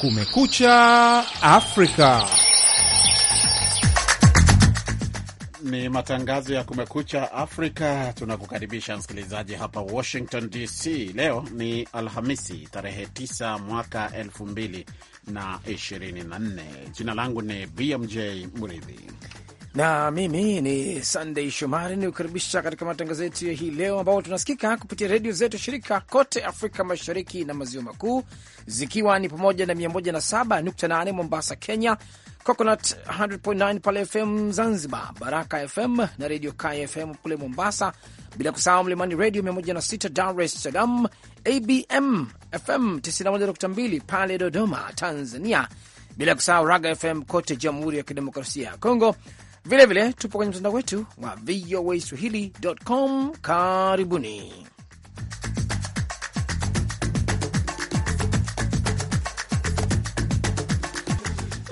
Kumekucha Afrika. Ni matangazo ya Kumekucha Afrika. Tunakukaribisha msikilizaji hapa Washington DC. Leo ni Alhamisi, tarehe 9 mwaka 2024. Jina langu ni BMJ Mridhi na mimi ni Sunday Shomari ni kukaribisha katika matangazo yetu ya hii leo, ambapo tunasikika kupitia redio zetu shirika kote Afrika Mashariki na Maziwa Makuu, zikiwa ni pamoja na 107.8 Mombasa, Kenya, Coconut 100.9 pale FM Zanzibar, Baraka FM na redio Kaya FM kule Mombasa, bila kusahau Mlimani Redio 106 Dar es Salaam, ABM FM 91.2 pale Dodoma, Tanzania, bila kusahau Raga FM kote Jamhuri ya Kidemokrasia ya Kongo vilevile tupo kwenye mtandao wetu wa voa swahili.com. Karibuni.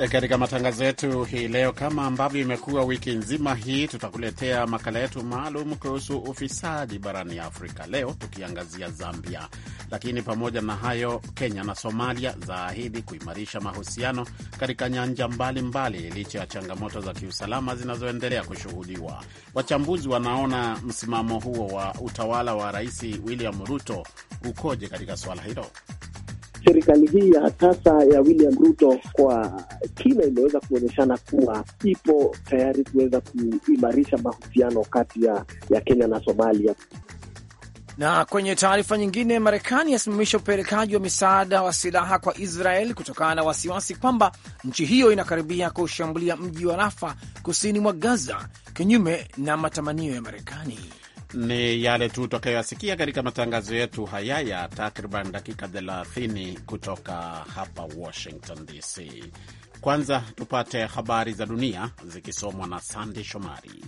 Eh, katika matangazo yetu hii leo, kama ambavyo imekuwa wiki nzima hii, tutakuletea makala yetu maalum kuhusu ufisadi barani Afrika, leo tukiangazia Zambia. Lakini pamoja na hayo, Kenya na Somalia zaahidi kuimarisha mahusiano katika nyanja mbalimbali licha ya changamoto za kiusalama zinazoendelea kushuhudiwa. Wachambuzi wanaona msimamo huo wa utawala wa Rais William Ruto ukoje katika swala hilo? serikali hii ya sasa ya William Ruto kwa kina imeweza kuonyeshana kuwa ipo tayari kuweza kuimarisha mahusiano kati ya, ya Kenya na Somalia. Na kwenye taarifa nyingine, Marekani yasimamisha upelekaji wa misaada wa silaha kwa Israel kutokana na wasiwasi kwamba nchi hiyo inakaribia kushambulia mji wa Rafa kusini mwa Gaza, kinyume na matamanio ya Marekani ni yale tu utakayoyasikia katika matangazo yetu haya ya takriban dakika 30 kutoka hapa Washington DC. Kwanza tupate habari za dunia zikisomwa na Sandi Shomari.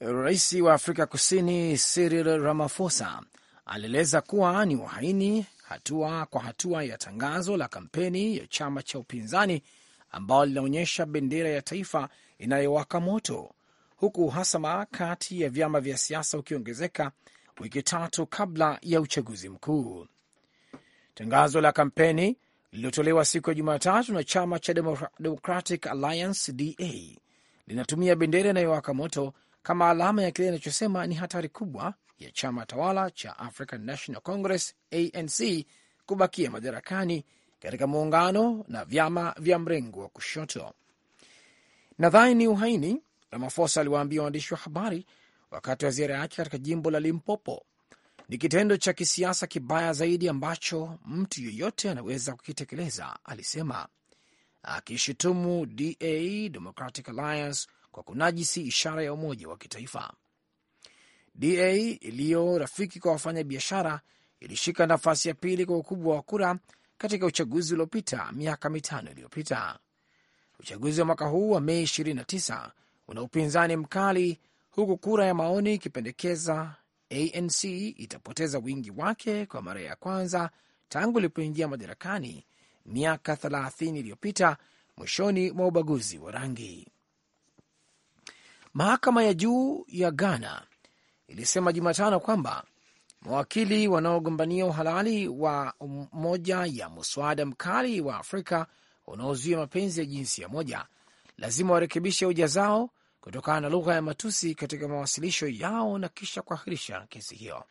Rais wa Afrika Kusini Cyril Ramaphosa alieleza kuwa ni uhaini hatua kwa hatua ya tangazo la kampeni ya chama cha upinzani ambalo linaonyesha bendera ya taifa inayowaka moto, huku uhasama kati ya vyama vya siasa ukiongezeka wiki tatu kabla ya uchaguzi mkuu. Tangazo la kampeni lililotolewa siku ya Jumatatu na chama cha Democratic Alliance DA linatumia bendera inayowaka moto kama alama ya kile inachosema ni hatari kubwa ya chama tawala cha African National Congress ANC kubakia madarakani katika muungano na vyama vya mrengo wa kushoto. Nadhani ni uhaini, ramafosa aliwaambia waandishi wa habari wakati wa ziara yake katika jimbo la Limpopo. Ni kitendo cha kisiasa kibaya zaidi ambacho mtu yeyote anaweza kukitekeleza, alisema akishutumu DA, Democratic Alliance kwa kunajisi ishara ya umoja wa kitaifa. DA iliyo rafiki kwa wafanyabiashara ilishika nafasi ya pili kwa ukubwa wa kura katika uchaguzi uliopita miaka mitano iliyopita. Uchaguzi wa mwaka huu wa Mei 29 una upinzani mkali, huku kura ya maoni ikipendekeza ANC itapoteza wingi wake kwa mara ya kwanza tangu ilipoingia madarakani miaka 30 iliyopita mwishoni mwa ubaguzi wa rangi. Mahakama ya juu ya Ghana ilisema Jumatano kwamba mawakili wanaogombania uhalali wa moja ya muswada mkali wa Afrika unaozuia mapenzi ya jinsia moja lazima warekebishe hoja zao kutokana na lugha ya matusi katika mawasilisho yao na kisha kuahirisha kesi hiyo.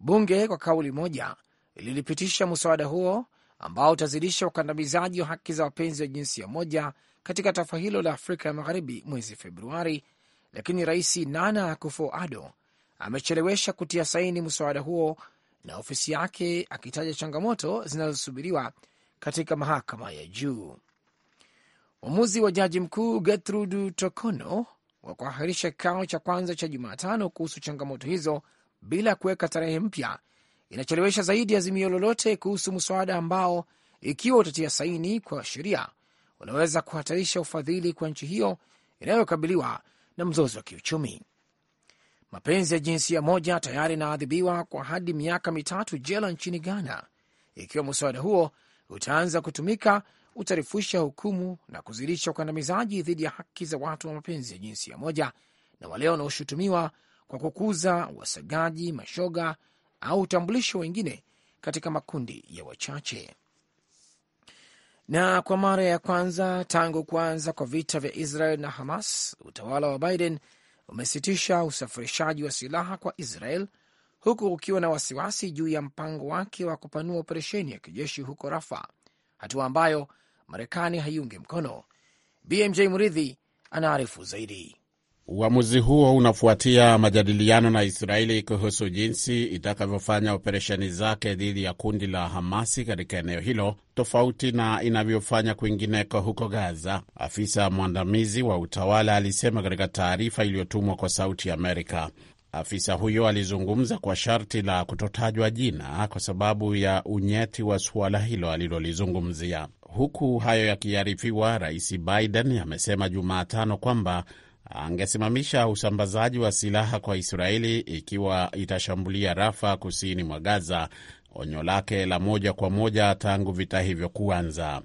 Bunge kwa kauli moja lilipitisha muswada huo ambao utazidisha ukandamizaji wa haki za wapenzi wa jinsia moja katika taifa hilo la Afrika ya Magharibi mwezi Februari, lakini Rais Nana Akufo-Addo amechelewesha kutia saini mswada huo na ofisi yake akitaja changamoto zinazosubiriwa katika mahakama ya juu. Uamuzi wa jaji mkuu Gertrude Tokono wa kuahirisha kikao cha kwanza cha Jumatano kuhusu changamoto hizo bila kuweka tarehe mpya inachelewesha zaidi azimio lolote kuhusu mswada ambao, ikiwa utatia saini kwa sheria, unaweza kuhatarisha ufadhili kwa nchi hiyo inayokabiliwa na mzozo wa kiuchumi. Mapenzi ya jinsia moja tayari inaadhibiwa kwa hadi miaka mitatu jela nchini Ghana. Ikiwa mswada huo utaanza kutumika, utarefusha hukumu na kuzidisha ukandamizaji dhidi ya haki za watu wa mapenzi ya jinsia moja na wale wanaoshutumiwa kwa kukuza wasagaji, mashoga au utambulisho wengine katika makundi ya wachache. Na kwa mara ya kwanza tangu kuanza kwa vita vya Israel na Hamas, utawala wa Biden umesitisha usafirishaji wa silaha kwa Israel, huku ukiwa na wasiwasi juu ya mpango wake wa kupanua operesheni ya kijeshi huko Rafa, hatua ambayo Marekani haiungi mkono. BMJ Muridhi anaarifu zaidi. Uamuzi huo unafuatia majadiliano na Israeli kuhusu jinsi itakavyofanya operesheni zake dhidi ya kundi la Hamasi katika eneo hilo, tofauti na inavyofanya kwingineko huko Gaza, afisa mwandamizi wa utawala alisema katika taarifa iliyotumwa kwa Sauti ya Amerika. Afisa huyo alizungumza kwa sharti la kutotajwa jina kwa sababu ya unyeti wa suala hilo alilolizungumzia. Huku hayo yakiarifiwa, Rais Biden amesema Jumatano kwamba angesimamisha usambazaji wa silaha kwa Israeli ikiwa itashambulia Rafa kusini mwa Gaza, onyo lake la moja kwa moja tangu vita hivyo kuanza.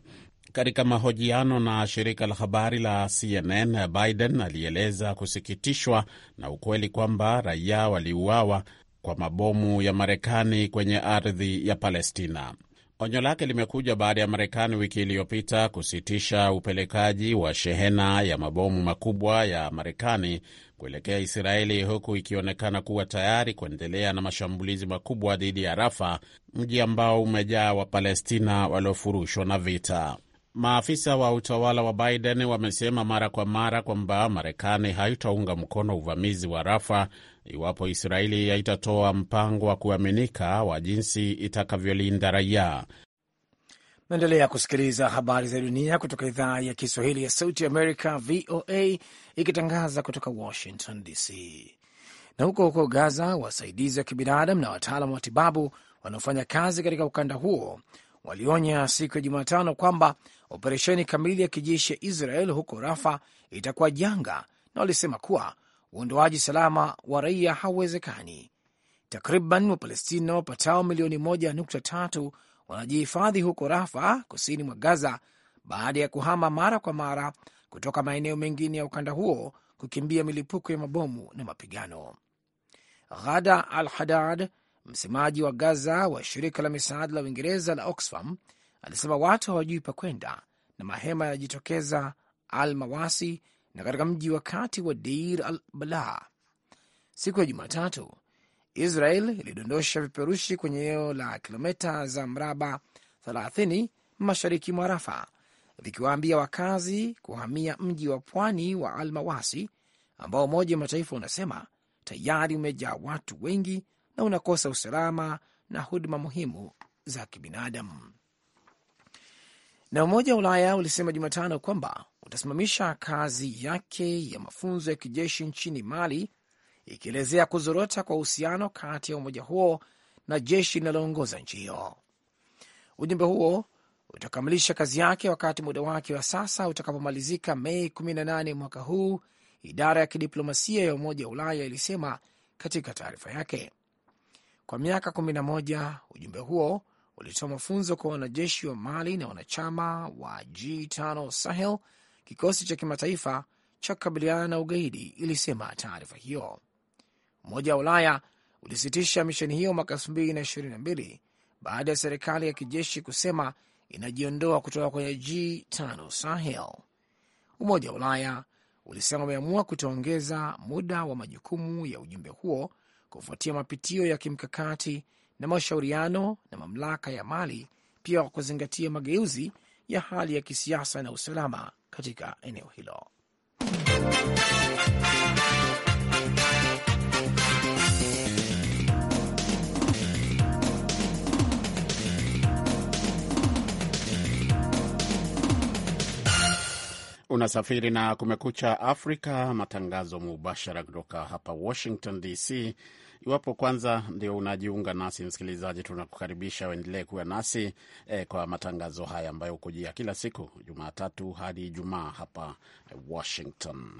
Katika mahojiano na shirika la habari la CNN, Biden alieleza kusikitishwa na ukweli kwamba raia waliuawa kwa mabomu ya Marekani kwenye ardhi ya Palestina. Onyo lake limekuja baada ya Marekani wiki iliyopita kusitisha upelekaji wa shehena ya mabomu makubwa ya Marekani kuelekea Israeli, huku ikionekana kuwa tayari kuendelea na mashambulizi makubwa dhidi ya Rafa, mji ambao umejaa Wapalestina waliofurushwa na vita. Maafisa wa utawala wa Biden wamesema mara kwa mara kwamba Marekani haitaunga mkono uvamizi wa Rafa iwapo Israeli haitatoa mpango wa kuaminika wa jinsi itakavyolinda raia. Naendelea kusikiliza habari za dunia kutoka idhaa ya Kiswahili ya Sauti Amerika, VOA, ikitangaza kutoka Washington DC. Na huko huko Gaza, wasaidizi wa kibinadamu na wataalam wa tibabu wanaofanya kazi katika ukanda huo walionya siku ya Jumatano kwamba operesheni kamili ya kijeshi ya Israel huko Rafa itakuwa janga, na walisema kuwa uondoaji salama wa raia hauwezekani. Takriban Wapalestina wapatao milioni 1.3 wanajihifadhi huko Rafa, kusini mwa Gaza, baada ya kuhama mara kwa mara kutoka maeneo mengine ya ukanda huo kukimbia milipuko ya mabomu na mapigano. Ghada Al Hadad, msemaji wa Gaza wa shirika la misaada la Uingereza la Oxfam, alisema watu hawajui pa kwenda na mahema yanajitokeza Al Mawasi, na katika mji wa kati wa Deir al Balah. Siku ya Jumatatu, Israel ilidondosha vipeperushi kwenye eneo la kilometa za mraba 30 mashariki mwa Rafa, vikiwaambia wakazi kuhamia mji wa pwani wa al Mawasi ambao Umoja wa Mataifa unasema tayari umejaa watu wengi na unakosa usalama na huduma muhimu za kibinadamu. Na Umoja wa Ulaya ulisema Jumatano kwamba utasimamisha kazi yake ya mafunzo ya kijeshi nchini Mali, ikielezea kuzorota kwa uhusiano kati ya umoja huo na jeshi linaloongoza nchi hiyo. Ujumbe huo utakamilisha kazi yake wakati muda wake wa sasa utakapomalizika Mei 18 mwaka huu, idara ya kidiplomasia ya Umoja wa Ulaya ilisema katika taarifa yake. Kwa miaka 11 ujumbe huo ulitoa mafunzo kwa wanajeshi wa Mali na wanachama wa G5 Sahel kikosi cha kimataifa cha kukabiliana na ugaidi, ilisema taarifa hiyo. Umoja wa Ulaya ulisitisha misheni hiyo mwaka 222 baada ya serikali ya kijeshi kusema inajiondoa kutoka kwenye G5 Sahel. Umoja wa Ulaya ulisema umeamua kutoongeza muda wa majukumu ya ujumbe huo kufuatia mapitio ya kimkakati na mashauriano na mamlaka ya Mali, pia kwa kuzingatia mageuzi ya hali ya kisiasa na usalama katika eneo hilo. Unasafiri na Kumekucha Afrika, matangazo mubashara kutoka hapa Washington DC. Iwapo kwanza ndio unajiunga nasi, msikilizaji, tunakukaribisha uendelee kuwa nasi eh, kwa matangazo haya ambayo hukujia kila siku Jumatatu hadi Ijumaa hapa Washington.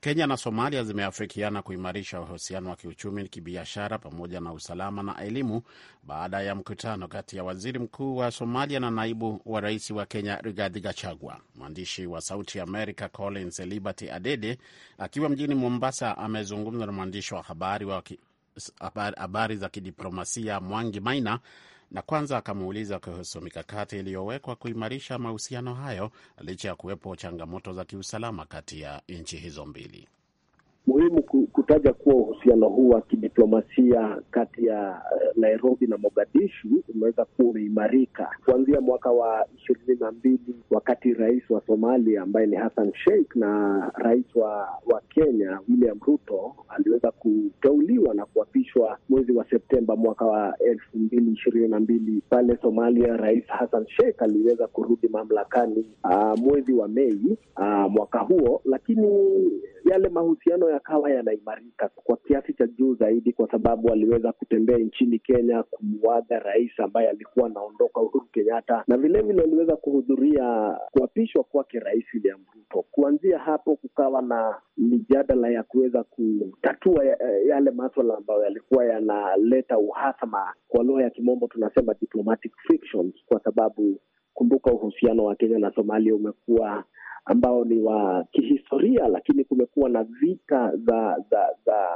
Kenya na Somalia zimeafikiana kuimarisha uhusiano wa kiuchumi, kibiashara, pamoja na usalama na elimu baada ya mkutano kati ya waziri mkuu wa Somalia na naibu wa rais wa Kenya Rigathi Gachagua. Mwandishi wa Sauti America Collins Liberty Adede akiwa mjini Mombasa amezungumza na mwandishi wa habari wa habari za kidiplomasia Mwangi Maina, na kwanza akamuuliza kuhusu mikakati iliyowekwa kuimarisha mahusiano hayo licha ya kuwepo changamoto za kiusalama kati ya nchi hizo mbili ametaja kuwa uhusiano huu wa kidiplomasia kati ya eh, Nairobi na Mogadishu umeweza kuwa umeimarika kuanzia mwaka wa ishirini na mbili wakati rais wa Somalia ambaye ni Hassan Sheikh na rais wa, wa Kenya William Ruto aliweza kuteuliwa na kuapishwa mwezi wa Septemba mwaka wa elfu mbili ishirini na mbili pale Somalia. Rais Hassan Sheikh aliweza kurudi mamlakani aa, ah, mwezi wa Mei aa, ah, mwaka huo, lakini yale mahusiano yakawa yanaimarika kwa kiasi cha juu zaidi, kwa sababu aliweza kutembea nchini Kenya kumuaga rais ambaye alikuwa anaondoka Uhuru Kenyatta, na vilevile aliweza kuhudhuria kuapishwa kwake Rais William Ruto. Kuanzia hapo kukawa na mijadala ya kuweza kutatua eh, yale maswala ambayo yalikuwa yanaleta uhasama, kwa lugha ya kimombo tunasema diplomatic frictions, kwa sababu kumbuka uhusiano wa Kenya na Somalia umekuwa ambao ni wa kihistoria, lakini kumekuwa na vita za za za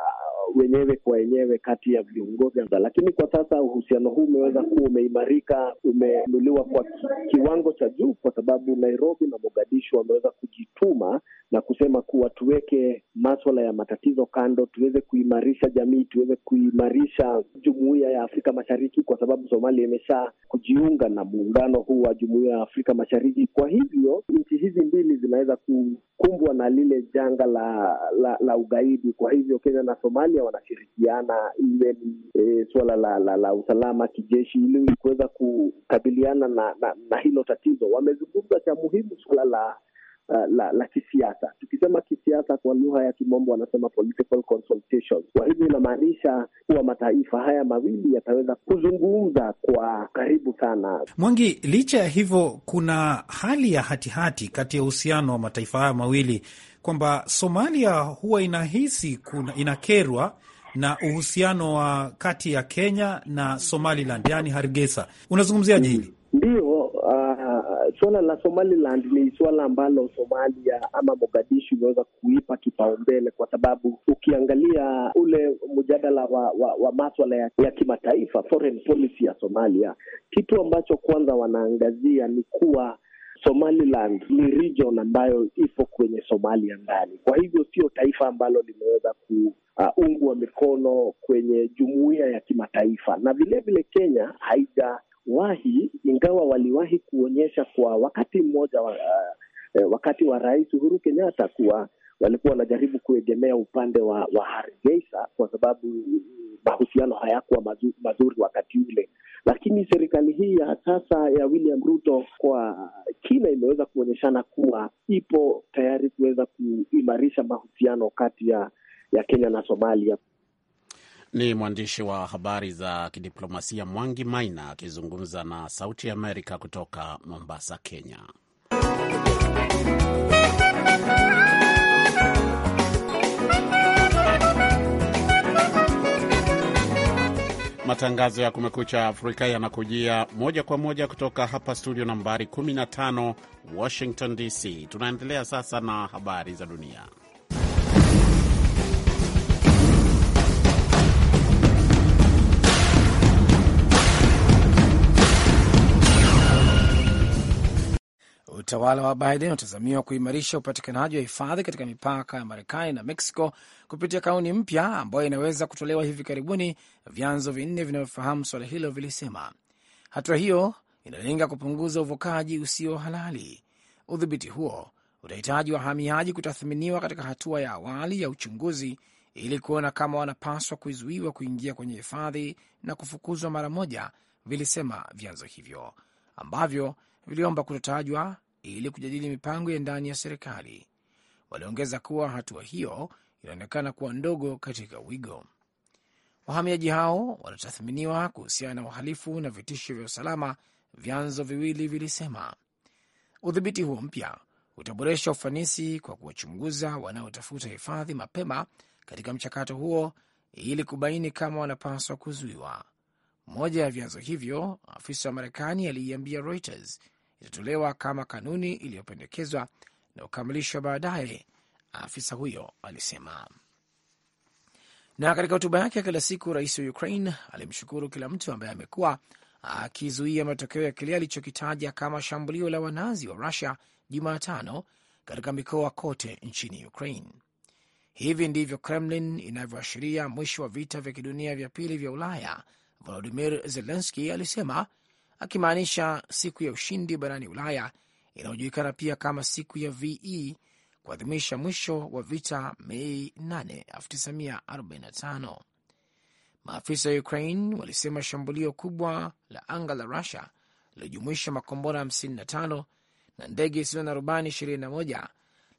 wenyewe kwa wenyewe kati ya viongozi, lakini kwa sasa uhusiano huu umeweza kuwa umeimarika, umenuliwa kwa kiwango cha juu, kwa sababu Nairobi na Mogadishu wameweza kujituma na kusema kuwa tuweke maswala ya matatizo kando, tuweze kuimarisha jamii, tuweze kuimarisha jumuiya ya Afrika Mashariki, kwa sababu Somalia imesha kujiunga na muungano huu wa jumuiya ya Afrika Mashariki. Kwa hivyo nchi hizi mbili zinaweza kukumbwa na lile janga la, la, la ugaidi. Kwa hivyo Kenya na Somalia Kenya wanashirikiana, iwe ni e, suala la, la, la usalama kijeshi, ili kuweza kukabiliana na, na, na hilo tatizo. Wamezungumza cha muhimu suala la Uh, la la kisiasa. Tukisema kisiasa kwa lugha ya kimombo wanasema political Kwa hivyo inamaanisha kuwa mataifa haya mawili yataweza kuzungumza kwa karibu sana. Mwangi, licha ya hivyo, kuna hali ya hatihati kati ya uhusiano wa mataifa haya mawili kwamba Somalia huwa inahisi kuna, inakerwa na uhusiano wa kati ya Kenya na Somaliland, yani Hargeisa. Unazungumziaje hili? Ndio, uh, suala la Somaliland ni suala ambalo Somalia ama Mogadishu imeweza kuipa kipaumbele, kwa sababu ukiangalia ule mjadala wa, wa, wa maswala ya, ya kimataifa, foreign policy ya Somalia, kitu ambacho kwanza wanaangazia ni kuwa Somaliland ni region ambayo ipo kwenye Somalia ndani, kwa hivyo sio taifa ambalo limeweza kuungwa uh, mikono kwenye jumuiya ya kimataifa, na vilevile Kenya haijawahi, ingawa waliwahi kuonyesha kwa wakati mmoja wa, uh, wakati wa Rais Uhuru Kenyatta kuwa walikuwa wanajaribu kuegemea upande wa, wa Hargeisa kwa sababu mahusiano hayakuwa mazuri, mazuri wakati ule, lakini serikali hii ya sasa ya William Ruto kwa kina imeweza kuonyeshana kuwa ipo tayari kuweza kuimarisha mahusiano kati ya, ya Kenya na Somalia. Ni mwandishi wa habari za kidiplomasia Mwangi Maina akizungumza na Sauti ya Amerika kutoka Mombasa, Kenya. Matangazo ya Kumekucha Afrika yanakujia moja kwa moja kutoka hapa studio nambari 15 Washington DC. Tunaendelea sasa na habari za dunia. Utawala wa Biden unatazamiwa kuimarisha upatikanaji wa hifadhi katika mipaka ya Marekani na Mexico kupitia kauni mpya ambayo inaweza kutolewa hivi karibuni, vyanzo vinne vinavyofahamu suala hilo vilisema. Hatua hiyo inalenga kupunguza uvukaji usio halali. Udhibiti huo utahitaji wahamiaji kutathminiwa katika hatua ya awali ya uchunguzi ili kuona kama wanapaswa kuzuiwa kuingia kwenye hifadhi na kufukuzwa mara moja, vilisema vyanzo hivyo ambavyo viliomba kutotajwa ili kujadili mipango ya ndani ya serikali. Waliongeza kuwa hatua hiyo inaonekana kuwa ndogo katika wigo. Wahamiaji hao wanatathminiwa kuhusiana na uhalifu na vitisho vya usalama, vyanzo viwili vilisema. Udhibiti huo mpya utaboresha ufanisi kwa kuwachunguza wanaotafuta hifadhi mapema katika mchakato huo ili kubaini kama wanapaswa kuzuiwa. Moja ya vyanzo hivyo, afisa wa Marekani aliiambia Reuters, itatolewa kama kanuni iliyopendekezwa na kukamilishwa baadaye, afisa huyo alisema. Na katika hotuba yake ya kila siku, rais wa Ukraine alimshukuru kila mtu ambaye amekuwa akizuia matokeo ya kile alichokitaja kama shambulio la wanazi wa Rusia Jumatano katika mikoa kote nchini Ukraine. Hivi ndivyo Kremlin inavyoashiria mwisho wa vita vya kidunia vya pili vya Ulaya, Volodimir Zelenski alisema akimaanisha siku ya ushindi barani Ulaya inayojulikana pia kama siku ya VE kuadhimisha mwisho wa vita Mei 8, 1945. Maafisa wa Ukraine walisema shambulio kubwa la anga la Rusia lililojumuisha makombora 55 na ndege isiyo na rubani 21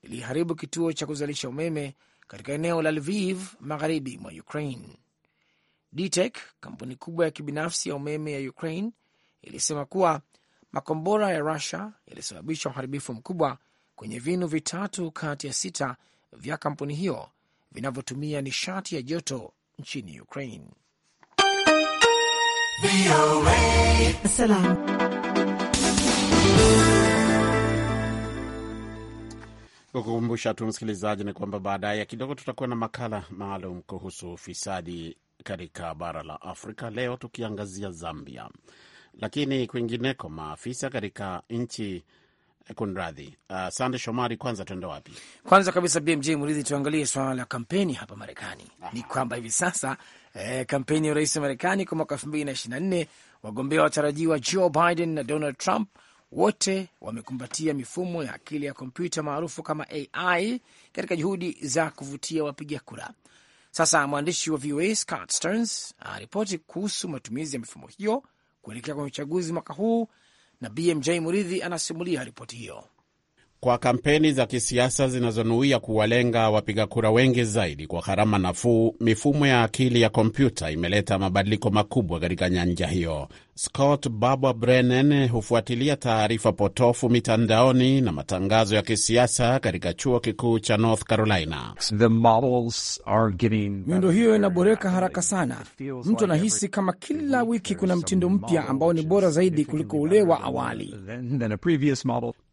liliharibu kituo cha kuzalisha umeme katika eneo la Lviv magharibi mwa Ukraine. DTEK, kampuni kubwa ya kibinafsi ya umeme ya Ukraine, ilisema kuwa makombora ya Rusia yalisababisha uharibifu mkubwa kwenye vinu vitatu kati ya sita vya kampuni hiyo vinavyotumia nishati ya joto nchini Ukraine. Kukumbusha tu msikilizaji ni kwamba baadaye kidogo tutakuwa na makala maalum kuhusu ufisadi katika bara la Afrika, leo tukiangazia Zambia. Lakini kwingineko maafisa katika nchi eh, Kunradhi. Uh, Sande Shomari, kwanza tuende wapi? Kwanza kabisa BMJ Mridhi, tuangalie swala la kampeni hapa Marekani. Ni kwamba hivi sasa eh, kampeni ya urais wa Marekani kwa mwaka elfu mbili na ishirini na nne wagombea watarajiwa Joe Biden na Donald Trump wote wamekumbatia mifumo ya akili ya kompyuta maarufu kama AI katika juhudi za kuvutia wapiga kura. Sasa mwandishi wa VOA Scott Stearns aripoti kuhusu matumizi ya mifumo hiyo kuelekea kwenye uchaguzi mwaka huu, na BMJ Muridhi anasimulia ripoti hiyo. Kwa kampeni za kisiasa zinazonuia kuwalenga wapiga kura wengi zaidi kwa gharama nafuu, mifumo ya akili ya kompyuta imeleta mabadiliko makubwa katika nyanja hiyo. Scott Baba Brennan hufuatilia taarifa potofu mitandaoni na matangazo ya kisiasa katika chuo kikuu cha North Carolina. Miundo hiyo inaboreka haraka sana, mtu anahisi kama kila wiki kuna mtindo mpya ambao ni bora zaidi kuliko ule wa awali.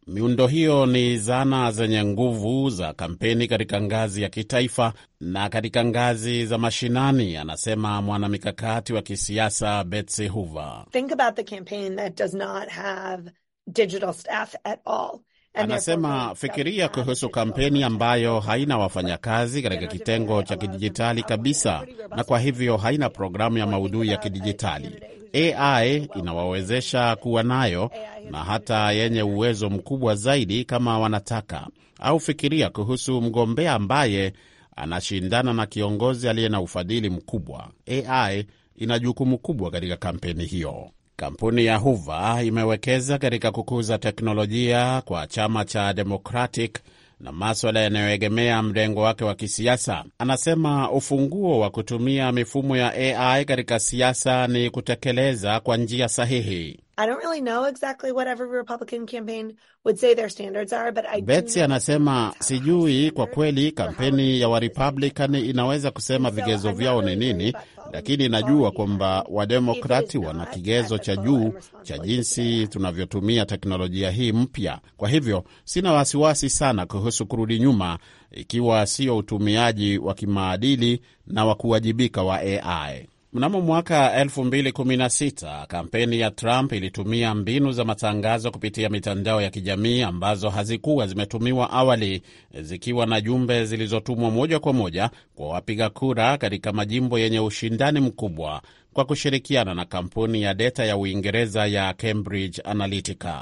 Miundo hiyo ni zana zenye nguvu za kampeni katika ngazi ya kitaifa na katika ngazi za mashinani, anasema mwanamikakati wa kisiasa Betsy Hoover. Think about the campaign that does not have digital staff at all. Anasema fikiria kuhusu kampeni ambayo haina wafanyakazi katika kitengo cha kidijitali kabisa, na kwa hivyo haina programu ya maudhui ya kidijitali. AI inawawezesha kuwa nayo na hata yenye uwezo mkubwa zaidi kama wanataka. Au fikiria kuhusu mgombea ambaye anashindana na kiongozi aliye na ufadhili mkubwa. AI ina jukumu kubwa katika kampeni hiyo. Kampuni ya Hoover imewekeza katika kukuza teknolojia kwa chama cha Democratic na maswala yanayoegemea mrengo wake wa kisiasa. Anasema ufunguo wa kutumia mifumo ya AI katika siasa ni kutekeleza kwa njia sahihi. I don't really know exactly what every Republican campaign would say their standards are, but I Betsy anasema sijui kwa kweli kampeni ya Warepublican inaweza kusema vigezo vyao ni nini, lakini najua kwamba Wademokrati wana kigezo cha juu cha jinsi tunavyotumia teknolojia hii mpya. Kwa hivyo sina wasiwasi sana kuhusu kurudi nyuma, ikiwa sio utumiaji wa kimaadili na wa kuwajibika wa AI. Mnamo mwaka 2016 kampeni ya Trump ilitumia mbinu za matangazo kupitia mitandao ya kijamii ambazo hazikuwa zimetumiwa awali, zikiwa na jumbe zilizotumwa moja kwa moja kwa wapiga kura katika majimbo yenye ushindani mkubwa kwa kushirikiana na kampuni ya data ya Uingereza ya Cambridge Analytica.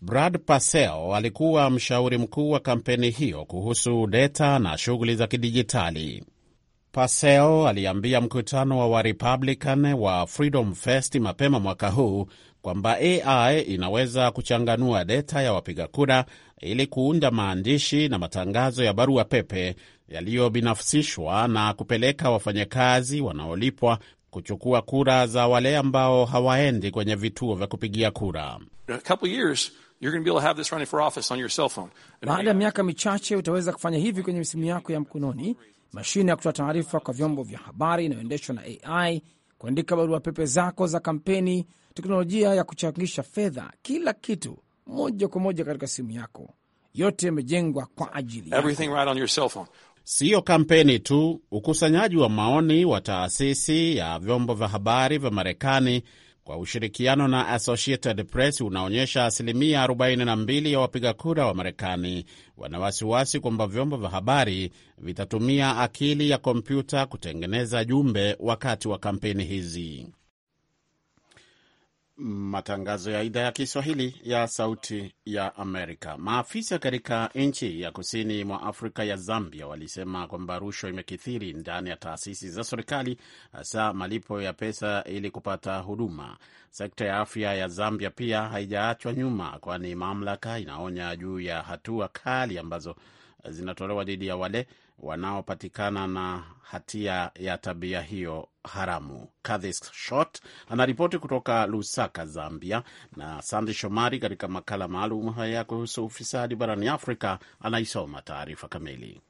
Brad Parscale alikuwa mshauri mkuu wa kampeni hiyo kuhusu data na shughuli za kidijitali. Paseo aliambia mkutano wa Warepublican wa Freedom Fest mapema mwaka huu kwamba AI inaweza kuchanganua data ya wapiga kura ili kuunda maandishi na matangazo ya barua pepe yaliyobinafsishwa na kupeleka wafanyakazi wanaolipwa kuchukua kura za wale ambao hawaendi kwenye vituo vya kupigia kura. Baada ya miaka michache, utaweza kufanya hivi kwenye simu yako ya mkononi mashine ya kutoa taarifa kwa vyombo vya habari inayoendeshwa na AI, kuandika barua pepe zako za kampeni, teknolojia ya kuchangisha fedha, kila kitu moja kwa moja katika simu yako. Yote yamejengwa kwa ajili yako. Right, siyo kampeni tu. Ukusanyaji wa maoni wa taasisi ya vyombo vya habari vya Marekani kwa ushirikiano na Associated Press unaonyesha asilimia 42 ya wapiga kura wa Marekani wana wasiwasi kwamba vyombo vya habari vitatumia akili ya kompyuta kutengeneza jumbe wakati wa kampeni hizi. Matangazo ya idhaa ya Kiswahili ya Sauti ya Amerika. Maafisa katika nchi ya kusini mwa Afrika ya Zambia walisema kwamba rushwa imekithiri ndani ya taasisi za serikali, hasa malipo ya pesa ili kupata huduma. Sekta ya afya ya Zambia pia haijaachwa nyuma, kwani mamlaka inaonya juu ya hatua kali ambazo zinatolewa dhidi ya wale wanaopatikana na hatia ya tabia hiyo haramu. Kadhis Shot anaripoti kutoka Lusaka, Zambia, na Sandi Shomari katika makala maalum haya kuhusu ufisadi barani Afrika anaisoma taarifa kamili.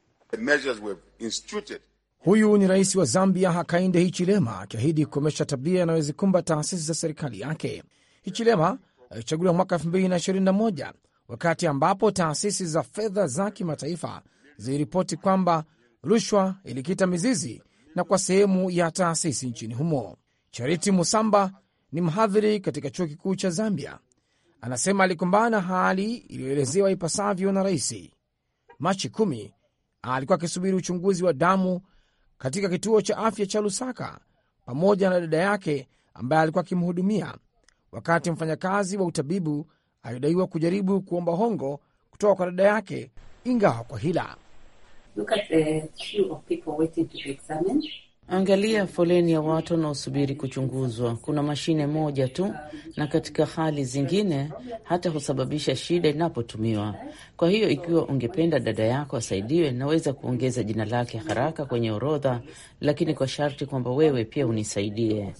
Huyu ni rais wa Zambia Hakainde Hichilema akiahidi kukomesha tabia inayozikumba taasisi za serikali yake. Hichilema alichaguliwa mwaka 2021 wakati ambapo taasisi za fedha za kimataifa ziliripoti kwamba rushwa ilikita mizizi na kwa sehemu ya taasisi nchini humo. Chariti Musamba ni mhadhiri katika chuo kikuu cha Zambia. Anasema alikumbana hali iliyoelezewa ipasavyo na raisi. Machi kumi alikuwa akisubiri uchunguzi wa damu katika kituo cha afya cha Lusaka pamoja na dada yake ambaye alikuwa akimhudumia, wakati mfanyakazi wa utabibu alidaiwa kujaribu kuomba hongo kutoka kwa dada yake, ingawa kwa hila. Angalia foleni ya watu wanaosubiri kuchunguzwa. Kuna mashine moja tu, na katika hali zingine hata husababisha shida inapotumiwa. Kwa hiyo, ikiwa ungependa dada yako asaidiwe, naweza kuongeza jina lake haraka kwenye orodha, lakini kwa sharti kwamba wewe pia unisaidie.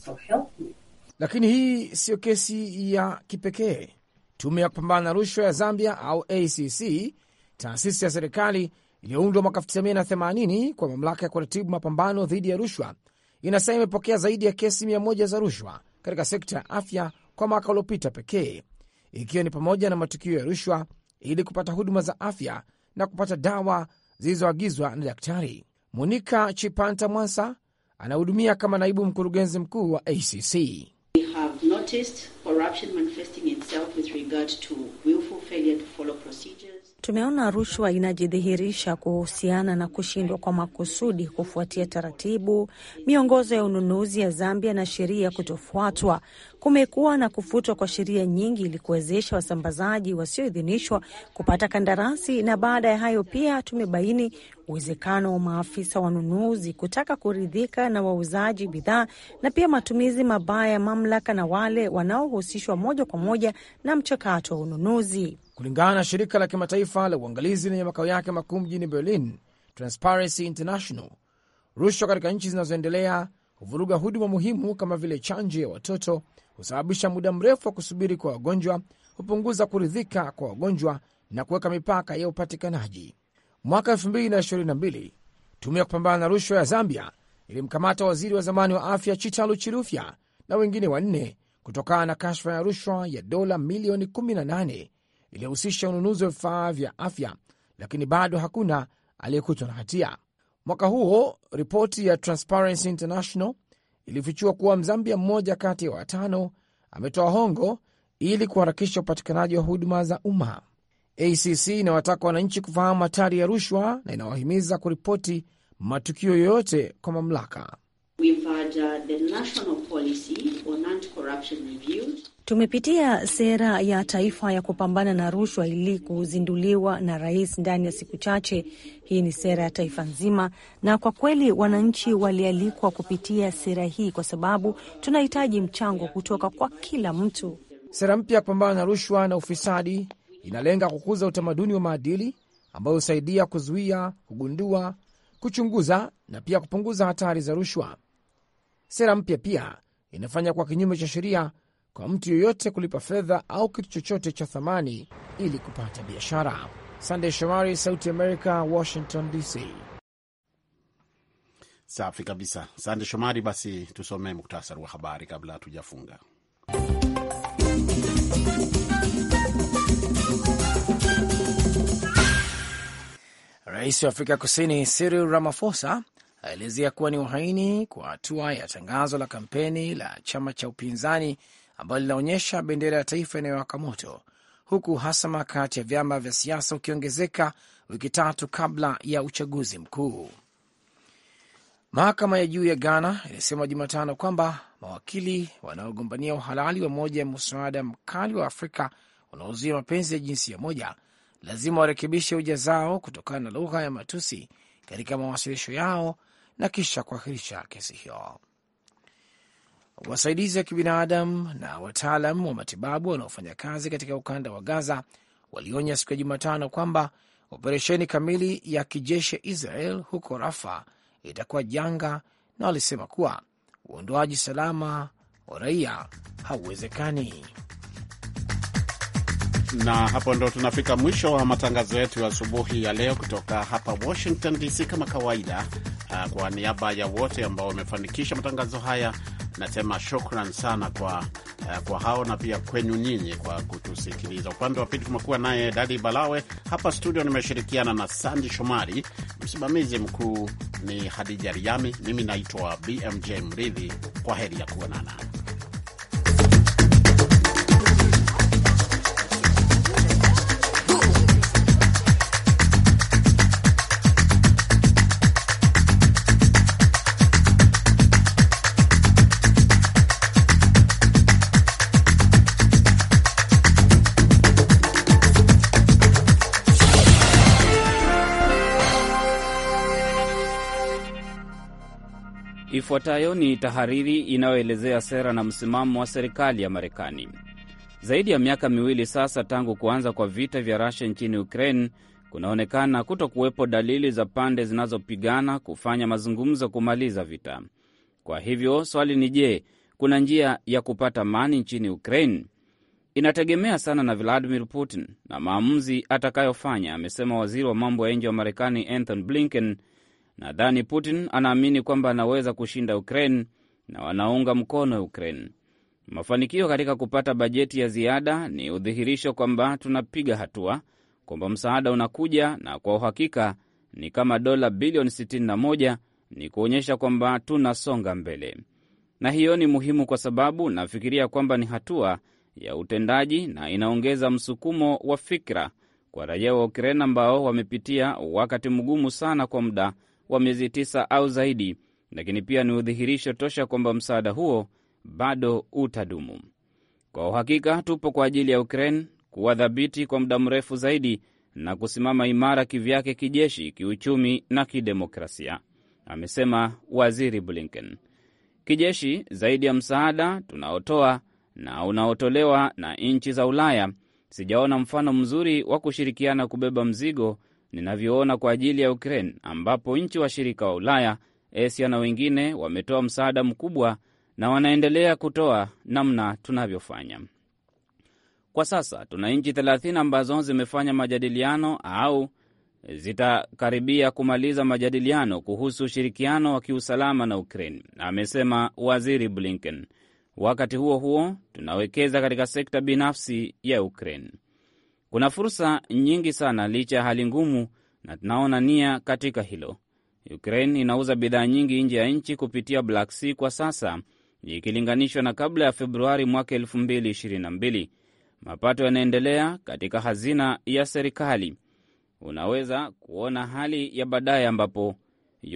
Lakini hii siyo kesi ya kipekee. Tume ya kupambana na rushwa ya Zambia au ACC, taasisi ya serikali iliyoundwa mwaka 1980 kwa mamlaka ya kuratibu mapambano dhidi ya rushwa inasema imepokea zaidi ya kesi 100 za rushwa katika sekta ya afya kwa mwaka uliopita pekee, ikiwa ni pamoja na matukio ya rushwa ili kupata huduma za afya na kupata dawa zilizoagizwa na daktari. Monika Chipanta Mwansa anahudumia kama naibu mkurugenzi mkuu wa ACC. We have Tumeona rushwa inajidhihirisha kuhusiana na kushindwa kwa makusudi kufuatia taratibu, miongozo ya ununuzi ya Zambia na sheria kutofuatwa. Kumekuwa na kufutwa kwa sheria nyingi ili kuwezesha wasambazaji wasioidhinishwa kupata kandarasi, na baada ya hayo pia tumebaini uwezekano wa maafisa wanunuzi kutaka kuridhika na wauzaji bidhaa na pia matumizi mabaya ya mamlaka na wale wanaohusishwa moja kwa moja na mchakato wa ununuzi. Kulingana na shirika la kimataifa la uangalizi lenye makao yake makuu mjini Berlin, Transparency International, rushwa katika nchi zinazoendelea huvuruga huduma muhimu kama vile chanjo ya watoto, husababisha muda mrefu wa kusubiri kwa wagonjwa, hupunguza kuridhika kwa wagonjwa na kuweka mipaka ya upatikanaji. Mwaka 2022 tume ya kupambana na rushwa ya Zambia ilimkamata waziri wa zamani wa afya Chitalu Chirufya na wengine wanne kutokana na kashfa ya rushwa ya dola milioni 18 iliyohusisha ununuzi wa vifaa vya afya, lakini bado hakuna aliyekutwa na hatia. Mwaka huo ripoti ya Transparency International ilifichua kuwa Mzambia mmoja kati ya watano ametoa hongo ili kuharakisha upatikanaji wa huduma za umma. ACC inawataka wananchi kufahamu hatari ya rushwa na inawahimiza kuripoti matukio yoyote kwa mamlaka. Uh, Tumepitia sera ya taifa ya kupambana na rushwa ili kuzinduliwa na rais ndani ya siku chache. Hii ni sera ya taifa nzima, na kwa kweli wananchi walialikwa kupitia sera hii, kwa sababu tunahitaji mchango kutoka kwa kila mtu. Sera mpya ya kupambana na rushwa na ufisadi inalenga kukuza utamaduni wa maadili ambayo husaidia kuzuia, kugundua, kuchunguza na pia kupunguza hatari za rushwa. Sera mpya pia inafanya kwa kinyume cha sheria kwa mtu yoyote kulipa fedha au kitu chochote cha thamani ili kupata biashara. Sandey Shomari, Sauti America, Washington DC. Safi kabisa, Sande Shomari. Basi tusomee muktasari wa habari kabla hatujafunga. Rais wa Afrika Kusini Cyril Ramaphosa aelezea kuwa ni uhaini kwa hatua ya tangazo la kampeni la chama cha upinzani ambalo linaonyesha bendera ya taifa inayowaka moto, huku hasama kati ya vyama vya siasa ukiongezeka wiki tatu kabla ya uchaguzi mkuu. Mahakama ya juu ya Ghana ilisema Jumatano kwamba mawakili wanaogombania uhalali wa moja ya msaada mkali wa Afrika unaozuia mapenzi ya jinsia moja lazima warekebishe hoja zao kutokana na lugha ya matusi katika mawasilisho yao na kisha kuahirisha kesi hiyo. Wasaidizi wa kibinadamu na wataalam wa matibabu wanaofanya kazi katika ukanda wa Gaza walionya siku ya Jumatano kwamba operesheni kamili ya kijeshi ya Israel huko Rafa itakuwa janga, na walisema kuwa uondoaji salama wa raia hauwezekani. Na hapo ndo tunafika mwisho wa matangazo yetu ya asubuhi ya leo kutoka hapa Washington DC. Kama kawaida, ah, kwa niaba ya wote ambao wamefanikisha matangazo haya nasema shukran sana kwa, uh, kwa hao na pia kwenu nyinyi kwa kutusikiliza. Upande wa pili tumekuwa naye Dadi Balawe hapa studio, nimeshirikiana na Sandi Shomari, msimamizi mkuu ni Hadija Riami, mimi naitwa BMJ Mridhi. Kwa heri ya kuonana. Ifuatayo ni tahariri inayoelezea sera na msimamo wa serikali ya Marekani. Zaidi ya miaka miwili sasa tangu kuanza kwa vita vya rusia nchini Ukraine, kunaonekana kuto kuwepo dalili za pande zinazopigana kufanya mazungumzo kumaliza vita. Kwa hivyo swali ni je, kuna njia ya kupata amani nchini Ukraine? Inategemea sana na Vladimir Putin na maamuzi atakayofanya, amesema waziri wa mambo ya nje wa Marekani Anthony Blinken Nadhani Putin anaamini kwamba anaweza kushinda Ukraine na wanaunga mkono Ukraine. Mafanikio katika kupata bajeti ya ziada ni udhihirisho kwamba tunapiga hatua, kwamba msaada unakuja, na kwa uhakika ni kama dola bilioni 61 ni kuonyesha kwamba tunasonga mbele, na hiyo ni muhimu kwa sababu nafikiria kwamba ni hatua ya utendaji na inaongeza msukumo wa fikra kwa raia wa Ukraine ambao wamepitia wakati mgumu sana kwa muda wa miezi tisa au zaidi, lakini pia ni udhihirisho tosha kwamba msaada huo bado utadumu. Kwa uhakika, tupo kwa ajili ya Ukraine kuwa dhabiti kwa muda mrefu zaidi na kusimama imara kivyake, kijeshi, kiuchumi na kidemokrasia, amesema Waziri Blinken. Kijeshi, zaidi ya msaada tunaotoa na unaotolewa na nchi za Ulaya, sijaona mfano mzuri wa kushirikiana kubeba mzigo ninavyoona kwa ajili ya Ukraine, ambapo nchi washirika wa Ulaya, Asia na wengine wametoa msaada mkubwa na wanaendelea kutoa namna tunavyofanya kwa sasa. Tuna nchi 30 ambazo zimefanya majadiliano au zitakaribia kumaliza majadiliano kuhusu ushirikiano wa kiusalama na Ukraine, amesema Waziri Blinken. Wakati huo huo, tunawekeza katika sekta binafsi ya Ukraine. Kuna fursa nyingi sana licha ya hali ngumu, na tunaona nia katika hilo. Ukraine inauza bidhaa nyingi nje ya nchi kupitia Black Sea kwa sasa ikilinganishwa na kabla ya Februari mwaka 2022. Mapato yanaendelea katika hazina ya serikali. Unaweza kuona hali ya baadaye ambapo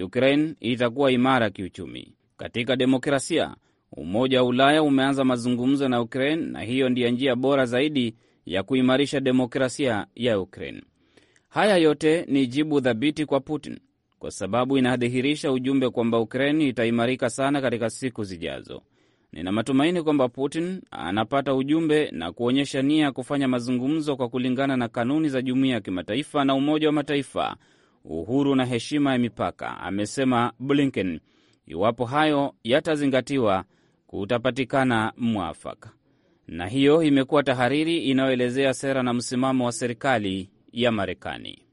Ukraine itakuwa imara kiuchumi. Katika demokrasia, Umoja wa Ulaya umeanza mazungumzo na Ukraine, na hiyo ndiyo njia bora zaidi ya kuimarisha demokrasia ya Ukraine. Haya yote ni jibu dhabiti kwa Putin kwa sababu inadhihirisha ujumbe kwamba Ukraine itaimarika sana katika siku zijazo. Nina matumaini kwamba Putin anapata ujumbe na kuonyesha nia ya kufanya mazungumzo kwa kulingana na kanuni za jumuiya ya kimataifa na Umoja wa Mataifa, uhuru na heshima ya mipaka, amesema Blinken. Iwapo hayo yatazingatiwa, kutapatikana mwafaka na hiyo imekuwa tahariri inayoelezea sera na msimamo wa serikali ya Marekani.